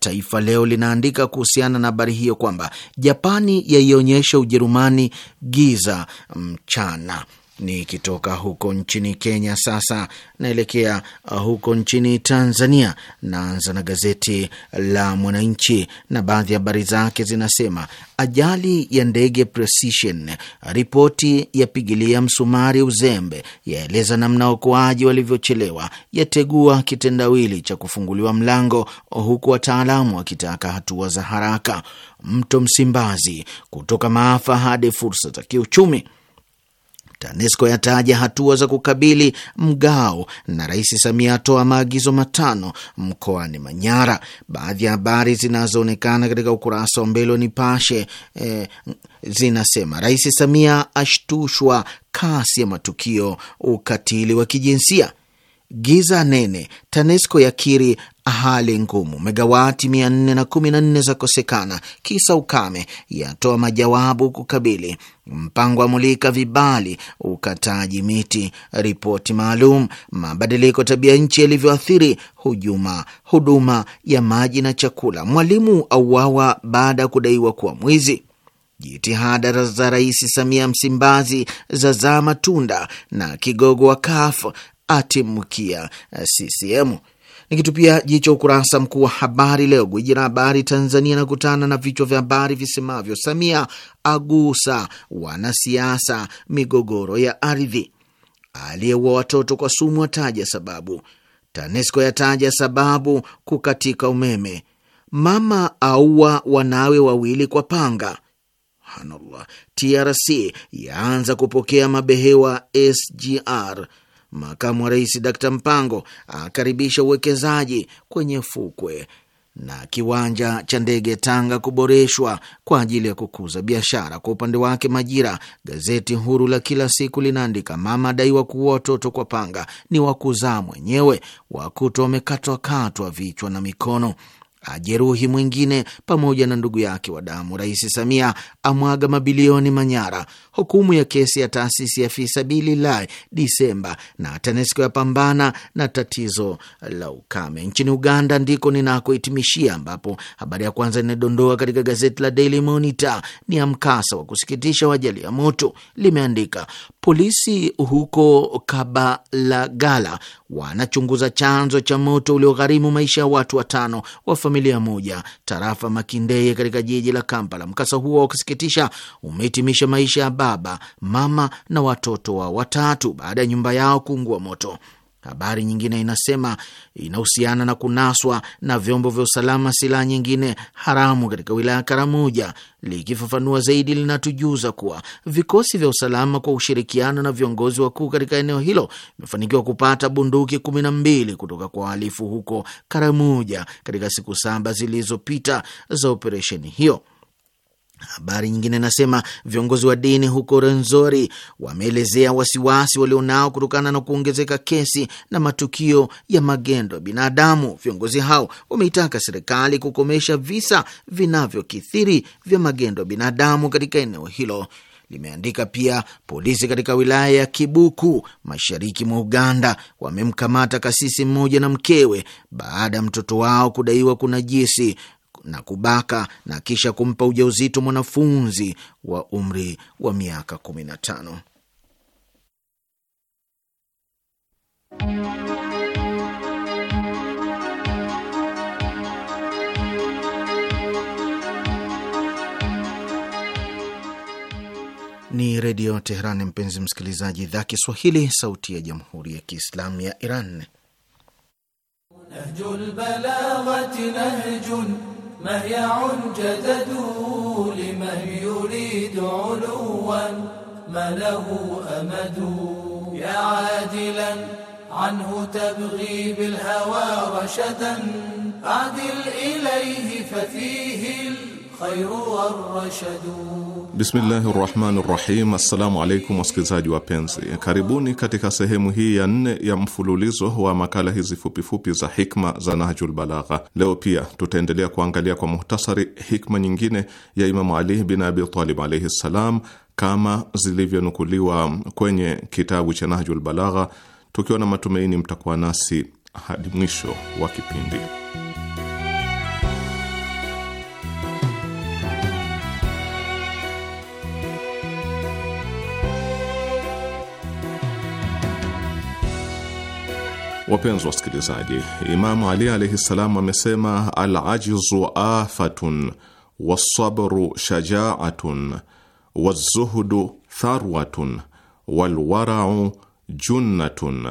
S4: Taifa Leo linaandika kuhusiana na habari hiyo kwamba Japan Japani yaionyesha Ujerumani giza mchana. Nikitoka huko nchini Kenya, sasa naelekea huko nchini Tanzania. Naanza na gazeti la Mwananchi na baadhi ya habari zake zinasema: ajali ya ndege Precision, ripoti yapigilia msumari uzembe, yaeleza namna waokoaji walivyochelewa, yategua kitendawili cha kufunguliwa mlango, huku wataalamu wakitaka hatua za haraka. Mto Msimbazi, kutoka maafa hadi fursa za kiuchumi TANESCO yataja hatua za kukabili mgao na Rais Samia atoa maagizo matano mkoani Manyara. Baadhi ya habari zinazoonekana katika ukurasa wa mbele wa Nipashe eh, zinasema Rais Samia ashtushwa kasi ya matukio ukatili wa kijinsia giza nene. TANESCO yakiri hali ngumu, megawati 414 za kosekana kisa ukame, yatoa majawabu kukabili. Mpango wa mulika vibali, ukataji miti, ripoti maalum, mabadiliko tabia nchi yalivyoathiri hujuma huduma ya maji na chakula, mwalimu auawa baada ya kudaiwa kuwa mwizi Jitihada za Rais Samia Msimbazi za zaa matunda na kigogo wa kafu atimkia eh, CCM. Nikitupia jicho ukurasa mkuu wa habari leo, gwiji la habari Tanzania nakutana na vichwa vya habari visemavyo: Samia agusa wanasiasa, migogoro ya ardhi, aliyeua watoto kwa sumu ataja sababu, TANESCO yataja sababu kukatika umeme, mama aua wanawe wawili kwa panga, subhanallah, TRC yaanza kupokea mabehewa SGR Makamu wa Rais Dkt Mpango akaribisha uwekezaji kwenye fukwe na kiwanja cha ndege Tanga kuboreshwa kwa ajili ya kukuza biashara. Kwa upande wake, Majira, gazeti huru la kila siku, linaandika mama adaiwa kuua watoto kwa panga, ni wakuzaa mwenyewe, wakuto wamekatwakatwa vichwa na mikono, ajeruhi mwingine pamoja na ndugu yake wa damu. Rais Samia amwaga mabilioni Manyara, hukumu ya kesi ya taasisi ya Fisabilillah Disemba, na TANESCO yapambana na tatizo la ukame nchini Uganda. Ndiko ninakohitimishia, ambapo habari ya kwanza inayodondoa katika gazeti la Daily Monitor ni ya mkasa wa kusikitisha wa ajali ya moto. Limeandika polisi huko Kabalagala wanachunguza chanzo cha moto uliogharimu maisha ya watu watano wa familia moja tarafa Makindeye katika jiji la Kampala. Mkasa huo wa kusikitisha umehitimisha maisha ya baba, mama na watoto wao watatu baada ya nyumba yao kuungua moto. Habari nyingine inasema inahusiana na kunaswa na vyombo vya usalama silaha nyingine haramu katika wilaya ya Karamoja. Likifafanua zaidi, linatujuza kuwa vikosi vya usalama kwa ushirikiano na viongozi wakuu katika eneo hilo vimefanikiwa kupata bunduki kumi na mbili kutoka kwa wahalifu huko Karamoja katika siku saba zilizopita za operesheni hiyo. Habari nyingine inasema viongozi wa dini huko Renzori wameelezea wasiwasi walionao kutokana na kuongezeka kesi na matukio ya magendo ya binadamu. Viongozi hao wameitaka serikali kukomesha visa vinavyokithiri vya magendo ya binadamu katika eneo hilo. Limeandika pia, polisi katika wilaya ya Kibuku mashariki mwa Uganda wamemkamata kasisi mmoja na mkewe baada ya mtoto wao kudaiwa kunajisi na kubaka na kisha kumpa ujauzito mwanafunzi wa umri wa miaka 15. Ni Redio Teheran, mpenzi msikilizaji, idhaa Kiswahili, sauti ya jamhuri ya kiislamu ya Iran.
S3: Nahjul balagati مهيع جدد لمن يريد علوا ما له أمد يا عادلا عنه تبغي بالهوى رشدا أعدل إليه ففيه
S2: Bismillahi rahmani rahim. Assalamu alaikum wasikilizaji wapenzi, karibuni katika sehemu hii ya nne ya mfululizo wa makala hizi fupifupi za hikma za Nahjul Balagha. Leo pia tutaendelea kuangalia kwa muhtasari hikma nyingine ya Imamu Ali bin Abi Talib alaihi ssalam, kama zilivyonukuliwa kwenye kitabu cha Nahjul Balagha, tukiwa na matumaini mtakuwa nasi hadi mwisho wa kipindi. Wapenzi wasikilizaji, Imamu Ali alaihi ssalam amesema alajizu afatun wasabru shajaatun wazuhdu tharwatun walwarau junnatun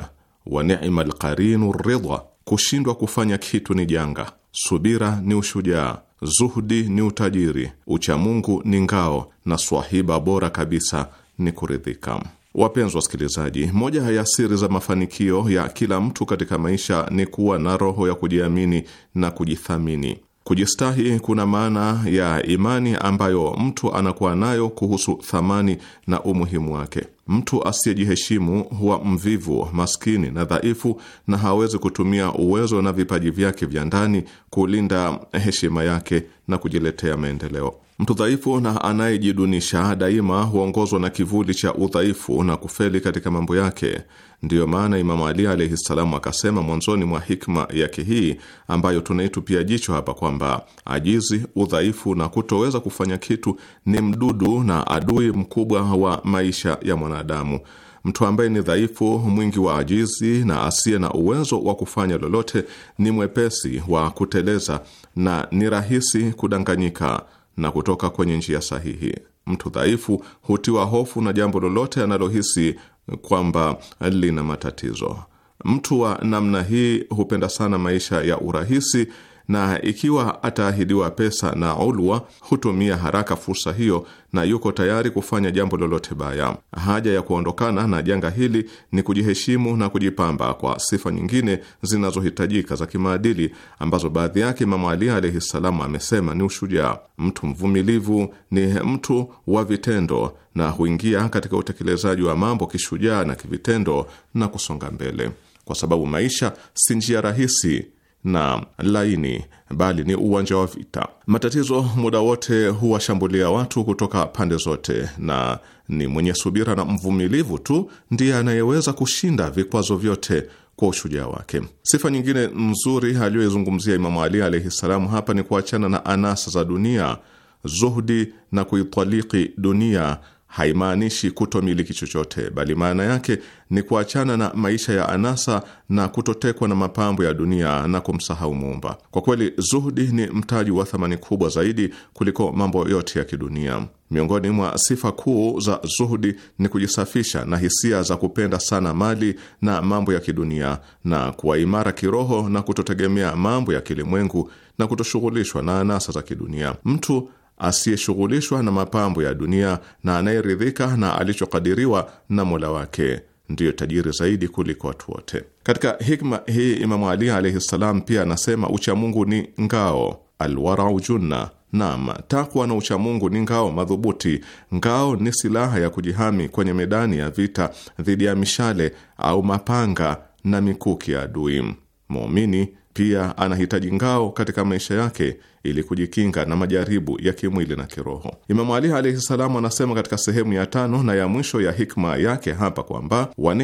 S2: wa nima lqarinu ridha, kushindwa kufanya kitu ni janga, subira ni ushujaa, zuhdi ni utajiri, uchamungu ni ngao, na swahiba bora kabisa ni kuridhika. Wapenzi wasikilizaji, moja ya siri za mafanikio ya kila mtu katika maisha ni kuwa na roho ya kujiamini na kujithamini. Kujistahi kuna maana ya imani ambayo mtu anakuwa nayo kuhusu thamani na umuhimu wake. Mtu asiyejiheshimu huwa mvivu, maskini na dhaifu, na hawezi kutumia uwezo na vipaji vyake vya ndani kulinda heshima yake na kujiletea maendeleo. Mtu dhaifu na anayejidunisha daima huongozwa na kivuli cha udhaifu na kufeli katika mambo yake. Ndiyo maana Imamu Ali alaihi ssalamu akasema mwanzoni mwa hikma yake hii ambayo tunaitupia jicho hapa kwamba ajizi, udhaifu na kutoweza kufanya kitu ni mdudu na adui mkubwa wa maisha ya mwanadamu. Mtu ambaye ni dhaifu, mwingi wa ajizi na asiye na uwezo wa kufanya lolote, ni mwepesi wa kuteleza na ni rahisi kudanganyika na kutoka kwenye njia sahihi. Mtu dhaifu hutiwa hofu na jambo lolote analohisi kwamba lina matatizo. Mtu wa namna hii hupenda sana maisha ya urahisi na ikiwa ataahidiwa pesa na Ulwa hutumia haraka fursa hiyo na yuko tayari kufanya jambo lolote baya. Haja ya kuondokana na janga hili ni kujiheshimu na kujipamba kwa sifa nyingine zinazohitajika za kimaadili ambazo baadhi yake Imamu Ali alaihi ssalamu amesema ni ushujaa. Mtu mvumilivu ni mtu wa vitendo na huingia katika utekelezaji wa mambo kishujaa na kivitendo na kusonga mbele, kwa sababu maisha si njia rahisi na laini, bali ni uwanja wa vita. Matatizo muda wote huwashambulia watu kutoka pande zote, na ni mwenye subira na mvumilivu tu ndiye anayeweza kushinda vikwazo vyote kwa ushujaa wake. Sifa nyingine nzuri aliyoizungumzia Imamu Ali alaihi ssalamu hapa ni kuachana na anasa za dunia, zuhdi na kuitaliki dunia haimaanishi kutomiliki chochote, bali maana yake ni kuachana na maisha ya anasa na kutotekwa na mapambo ya dunia na kumsahau Muumba. Kwa kweli, zuhudi ni mtaji wa thamani kubwa zaidi kuliko mambo yote ya kidunia. Miongoni mwa sifa kuu za zuhudi ni kujisafisha na hisia za kupenda sana mali na mambo ya kidunia na kuwa imara kiroho na kutotegemea mambo ya kilimwengu na kutoshughulishwa na anasa za kidunia. Mtu asiyeshughulishwa na mapambo ya dunia na anayeridhika na alichokadiriwa na Mola wake ndiyo tajiri zaidi kuliko watu wote. Katika hikma hii, Imamu Ali alaihi ssalam pia anasema uchamungu ni ngao, alwarau junna. Naam, takwa na uchamungu ni ngao madhubuti. Ngao ni silaha ya kujihami kwenye medani ya vita dhidi ya mishale au mapanga na mikuki ya adui. Muumini pia anahitaji ngao katika maisha yake ili kujikinga na majaribu ya kimwili na kiroho. Imamu Ali alaihi salamu anasema katika sehemu ya tano na ya mwisho ya hikma yake hapa kwamba wa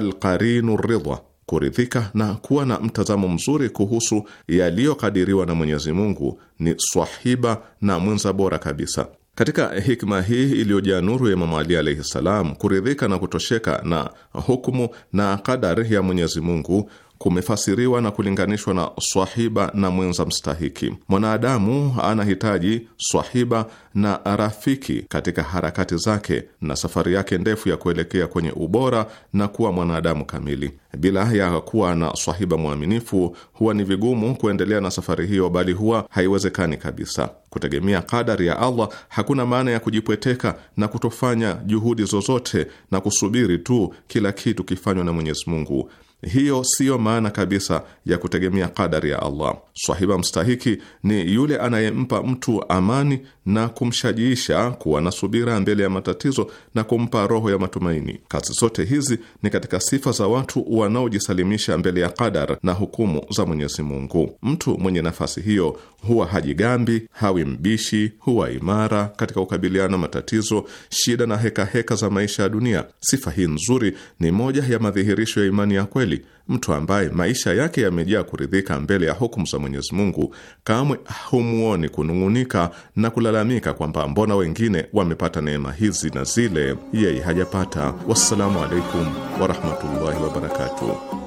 S2: lqarinu ridha, kuridhika na kuwa na mtazamo mzuri kuhusu yaliyokadiriwa na Mwenyezi Mungu ni swahiba na mwenza bora kabisa. Katika hikma hii iliyojaa nuru ya Imamu Ali alaihi salam, kuridhika na kutosheka na hukumu na kadari ya Mwenyezi Mungu kumefasiriwa na kulinganishwa na swahiba na mwenza mstahiki. Mwanadamu anahitaji swahiba na rafiki katika harakati zake na safari yake ndefu ya kuelekea kwenye ubora na kuwa mwanadamu kamili. Bila ya kuwa na swahiba mwaminifu, huwa ni vigumu kuendelea na safari hiyo, bali huwa haiwezekani kabisa. Kutegemea kadari ya Allah hakuna maana ya kujipweteka na kutofanya juhudi zozote na kusubiri tu kila kitu kifanywa na Mwenyezi Mungu. Hiyo siyo maana kabisa ya kutegemea kadari ya Allah. Swahiba mstahiki ni yule anayempa mtu amani na kumshajiisha kuwa na subira mbele ya matatizo na kumpa roho ya matumaini. Kazi zote hizi ni katika sifa za watu wanaojisalimisha mbele ya kadar na hukumu za Mwenyezi Mungu. Mtu mwenye nafasi hiyo huwa hajigambi, hawi mbishi, huwa imara katika kukabiliana matatizo, shida na hekaheka heka za maisha ya dunia. Sifa hii nzuri ni moja ya madhihirisho ya imani ya kweli Mtu ambaye maisha yake yamejaa kuridhika mbele ya hukumu za Mwenyezi Mungu kamwe humuoni kunung'unika na kulalamika kwamba mbona wengine wamepata neema hizi na zile, yeye hajapata. Wassalamu alaikum warahmatullahi wabarakatuh.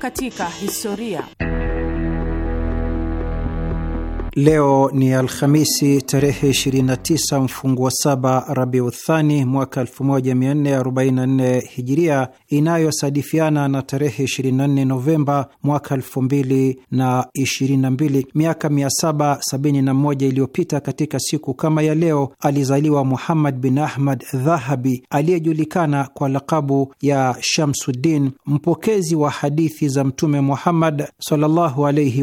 S5: katika historia.
S1: Leo ni Alhamisi tarehe 29 wa saba Rabiu Thani mwaka 1444 Hijiria, inayosadifiana na tarehe 24 Novemba mwaka 2022. Miaka 771 iliyopita katika siku kama ya leo alizaliwa Muhammad bin Ahmad Dhahabi aliyejulikana kwa lakabu ya Shamsuddin, mpokezi wa hadithi za Mtume Muhammad sallallahu alaihi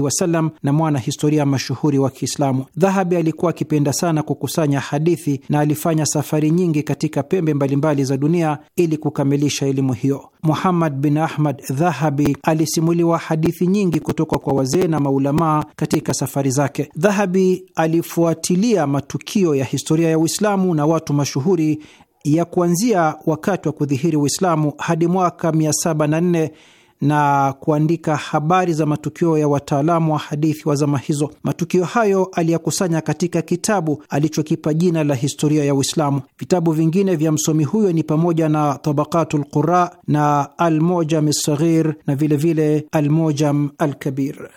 S1: wasallam na mwana historia mashuhuri wa Kiislamu. Dhahabi alikuwa akipenda sana kukusanya hadithi na alifanya safari nyingi katika pembe mbalimbali za dunia ili kukamilisha elimu hiyo. Muhammad bin Ahmad Dhahabi alisimuliwa hadithi nyingi kutoka kwa wazee na maulamaa katika safari zake. Dhahabi alifuatilia matukio ya historia ya Uislamu na watu mashuhuri ya kuanzia wakati wa kudhihiri Uislamu hadi mwaka 704 na kuandika habari za matukio ya wataalamu wa hadithi wa zama hizo. Matukio hayo aliyakusanya katika kitabu alichokipa jina la Historia ya Uislamu. Vitabu vingine vya msomi huyo ni pamoja na Tabakatu lqura na Almojam lsaghir na vilevile Almojam Alkabir.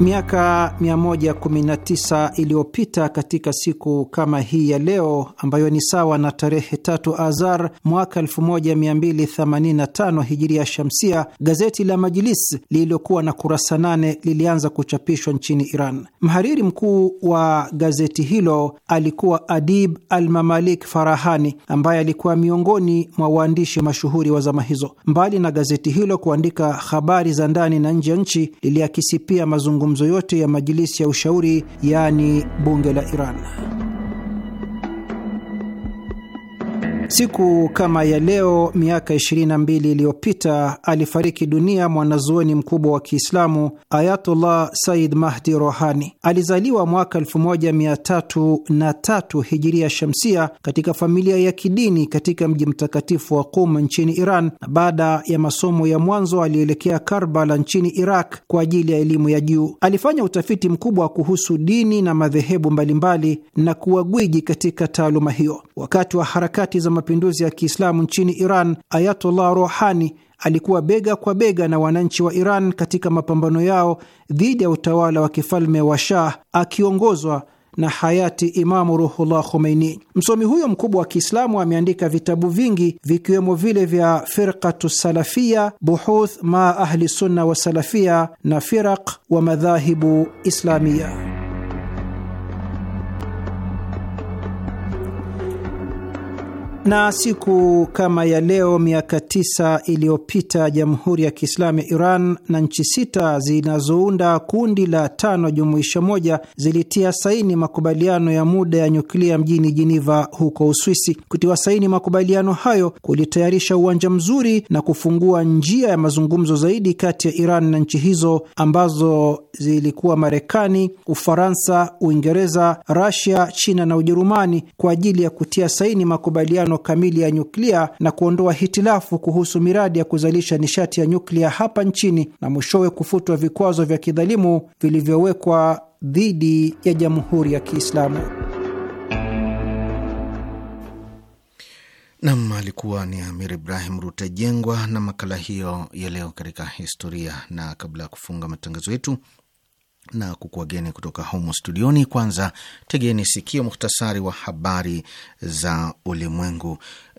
S1: Miaka 119 iliyopita katika siku kama hii ya leo ambayo ni sawa na tarehe tatu Azar mwaka 1285 hijiria shamsia, gazeti la Majlis lililokuwa na kurasa nane lilianza kuchapishwa nchini Iran. Mhariri mkuu wa gazeti hilo alikuwa Adib Almamalik Farahani, ambaye alikuwa miongoni mwa waandishi mashuhuri wa zama hizo. Mbali na gazeti hilo kuandika habari za ndani na nje ya nchi, liliakisi pia mazungumzo mazungumzo yote ya majilisi ya ushauri, yaani bunge la Iran. Siku kama ya leo miaka 22 iliyopita alifariki dunia mwanazuoni mkubwa wa Kiislamu Ayatullah Said Mahdi Rohani. Alizaliwa mwaka 1303 hijiria shamsia katika familia ya kidini katika mji mtakatifu wa Qum nchini Iran, na baada ya masomo ya mwanzo alielekea Karbala nchini Iraq kwa ajili ya elimu ya juu. Alifanya utafiti mkubwa kuhusu dini na madhehebu mbalimbali na kuwa gwiji katika taaluma hiyo. Wakati wa harakati za mapinduzi ya Kiislamu nchini Iran, Ayatollah Rohani alikuwa bega kwa bega na wananchi wa Iran katika mapambano yao dhidi ya utawala wa kifalme wa Shah akiongozwa na hayati Imamu Ruhullah Khomeini. Msomi huyo mkubwa wa Kiislamu ameandika vitabu vingi vikiwemo vile vya Firqatu Salafia, Buhuth ma Ahli Sunna wa Salafia na Firaq wa Madhahibu Islamia. Na siku kama ya leo miaka tisa iliyopita Jamhuri ya Kiislamu ya Iran na nchi sita zinazounda kundi la tano jumuisha moja zilitia saini makubaliano ya muda ya nyuklia mjini Jiniva huko Uswisi. Kutiwa saini makubaliano hayo kulitayarisha uwanja mzuri na kufungua njia ya mazungumzo zaidi kati ya Iran na nchi hizo ambazo zilikuwa Marekani, Ufaransa, Uingereza, Rasia, China na Ujerumani kwa ajili ya kutia saini makubaliano kamili ya nyuklia na kuondoa hitilafu kuhusu miradi ya kuzalisha nishati ya nyuklia hapa nchini na mwishowe kufutwa vikwazo vya kidhalimu vilivyowekwa dhidi ya Jamhuri ya Kiislamu.
S4: Nam alikuwa ni Amir Ibrahim Rutajengwa na makala hiyo ya leo katika historia. Na kabla ya kufunga matangazo yetu na kukuageni kutoka humo studioni. Kwanza tegeni sikio muhtasari wa habari za ulimwengu.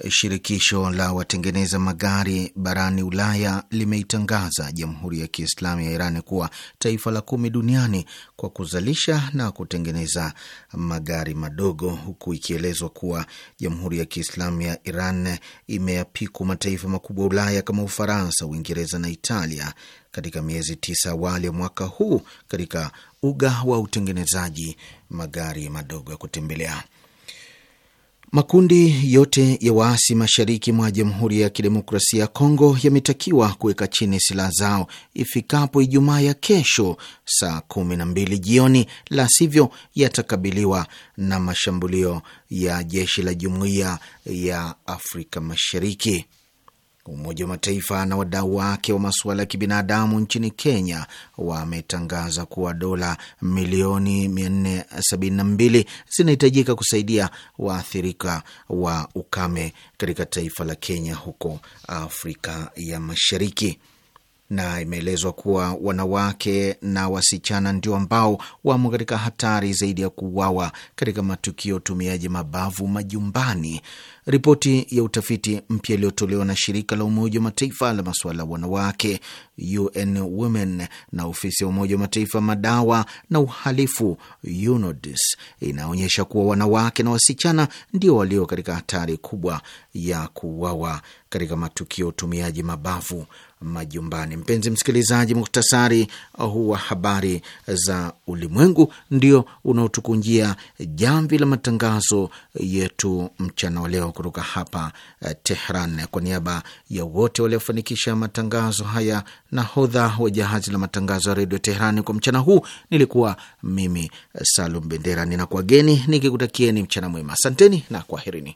S4: Shirikisho la watengeneza magari barani Ulaya limeitangaza Jamhuri ya Kiislamu ya Iran kuwa taifa la kumi duniani kwa kuzalisha na kutengeneza magari madogo, huku ikielezwa kuwa Jamhuri ya Kiislamu ya Iran imeyapiku mataifa makubwa Ulaya kama Ufaransa, Uingereza na Italia katika miezi tisa awali ya mwaka huu katika uga wa utengenezaji magari madogo ya kutembelea. Makundi yote ya waasi mashariki mwa Jamhuri ya Kidemokrasia ya Kongo yametakiwa kuweka chini silaha zao ifikapo Ijumaa ya kesho saa kumi na mbili jioni, la sivyo yatakabiliwa na mashambulio ya jeshi la Jumuiya ya Afrika Mashariki. Umoja wa Mataifa na wadau wake wa masuala ya kibinadamu nchini Kenya wametangaza kuwa dola milioni 472 zinahitajika kusaidia waathirika wa ukame katika taifa la Kenya huko Afrika ya Mashariki na imeelezwa kuwa wanawake na wasichana ndio ambao wamo katika hatari zaidi ya kuuawa katika matukio ya utumiaji mabavu majumbani. Ripoti ya utafiti mpya iliyotolewa na shirika la Umoja wa Mataifa la masuala ya wanawake UN Women na ofisi ya Umoja wa Mataifa madawa na uhalifu UNODC inaonyesha kuwa wanawake na wasichana ndio walio katika hatari kubwa ya kuuawa katika matukio ya utumiaji mabavu majumbani. Mpenzi msikilizaji, muktasari huu wa habari za ulimwengu ndio unaotukunjia jamvi la matangazo yetu mchana wa leo kutoka hapa eh, Tehran. Kwa niaba ya wote waliofanikisha matangazo haya, nahodha wa jahazi la matangazo ya redio Teherani kwa mchana huu nilikuwa mimi eh, Salum Bendera, ninakwageni nikikutakieni mchana mwema. Asanteni na kwaherini.